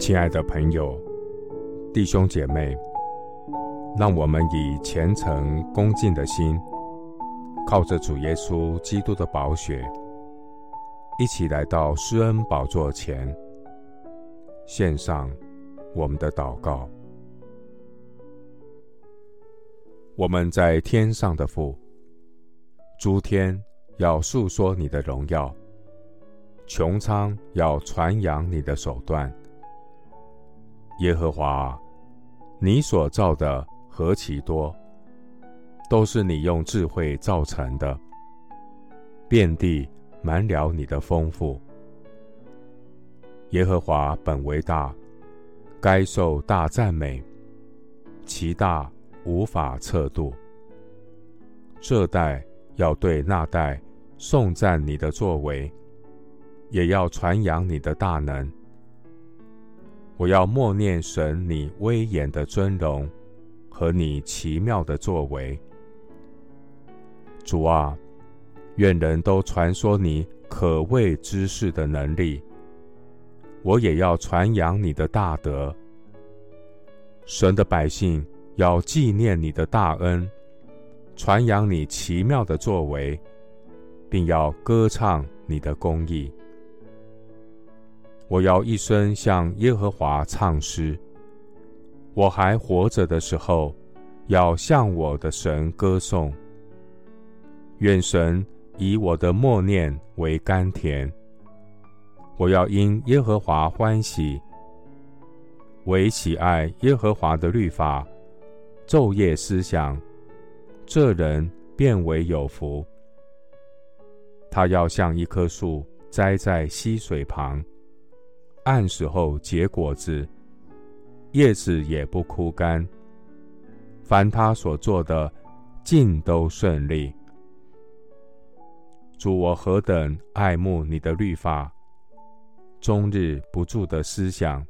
親愛的朋友，弟兄姐妹，讓我們以虔誠恭敬的心，靠着主耶穌基督的寶血，一起來到施恩寶座前，獻上我們的禱告。我們在天上的父，諸天要述說你的榮耀，穹蒼要傳揚你的手段。耶和華，你所造的何其多，都是你用智慧造成的，遍地滿了你的豐富。耶和華本為大，該受大讚美，其大無法測度。這代要對那代頌讚你的作為，也要傳揚你的大能。我要默念神，你威嚴的尊榮和你奇妙的作為，主啊，願人都傳說你可畏之事的能力。我也要傳揚你的大德。神的百姓要紀念你的大恩，傳揚你奇妙的作為，並要歌唱你的公義。我要一生向耶和華唱詩。我還活着的時候，要向我的神歌頌。願神以我的默念為甘甜。我要因耶和華歡喜，惟喜愛耶和華的律法，晝夜思想，這人便為有福。他要像一棵樹栽在溪水旁。按時候結果子，葉子也不枯乾。凡他所做的，盡都順利。主，我何等愛慕你的律法，終日不住的思想。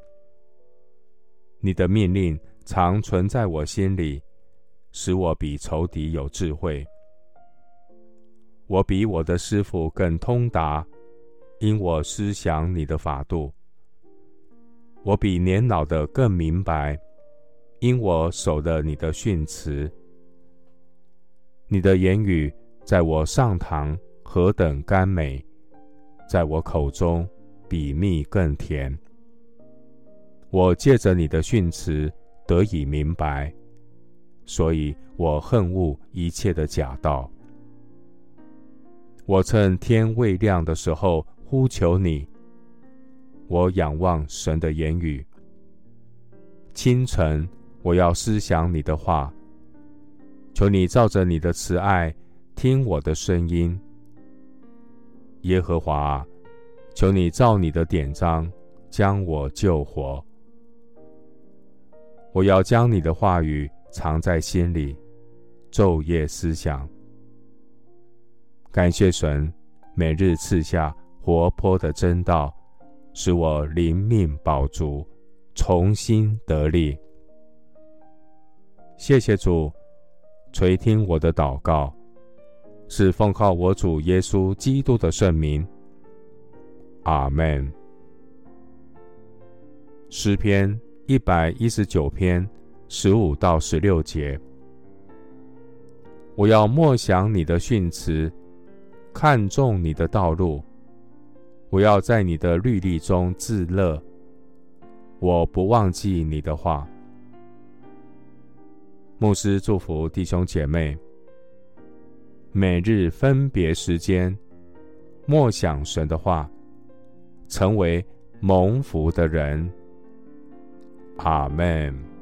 你的命令常存在我心裡，使我比仇敵有智慧。我比我的師傅更通達，因我思想你的法度。我比年老的更明白，因我守了你的訓詞。你的言語在我上膛何等甘美，在我口中比蜜更甜。我借着你的訓詞得以明白，所以我恨惡一切的假道。我趁天未亮的時候呼求你。我仰望神的言語。清晨，我要思想你的話。求你照着你的慈愛，聽我的聲音。耶和華，求你照你的典章，將我救活。我要將你的話語藏在心裡，晝夜思想。感謝神，每日賜下活潑的真道。使我靈命飽足，重新得力。謝謝主垂聽我的禱告，是奉靠我主耶穌基督的聖名。阿門。詩篇一百一十九篇十五到十六節：我要默想你的訓詞，看重你的道路。我要在你的律例中自樂。我不忘記你的話。牧師祝福弟兄姐妹，每日分別時間，默想神的話，成為蒙福的人。阿門。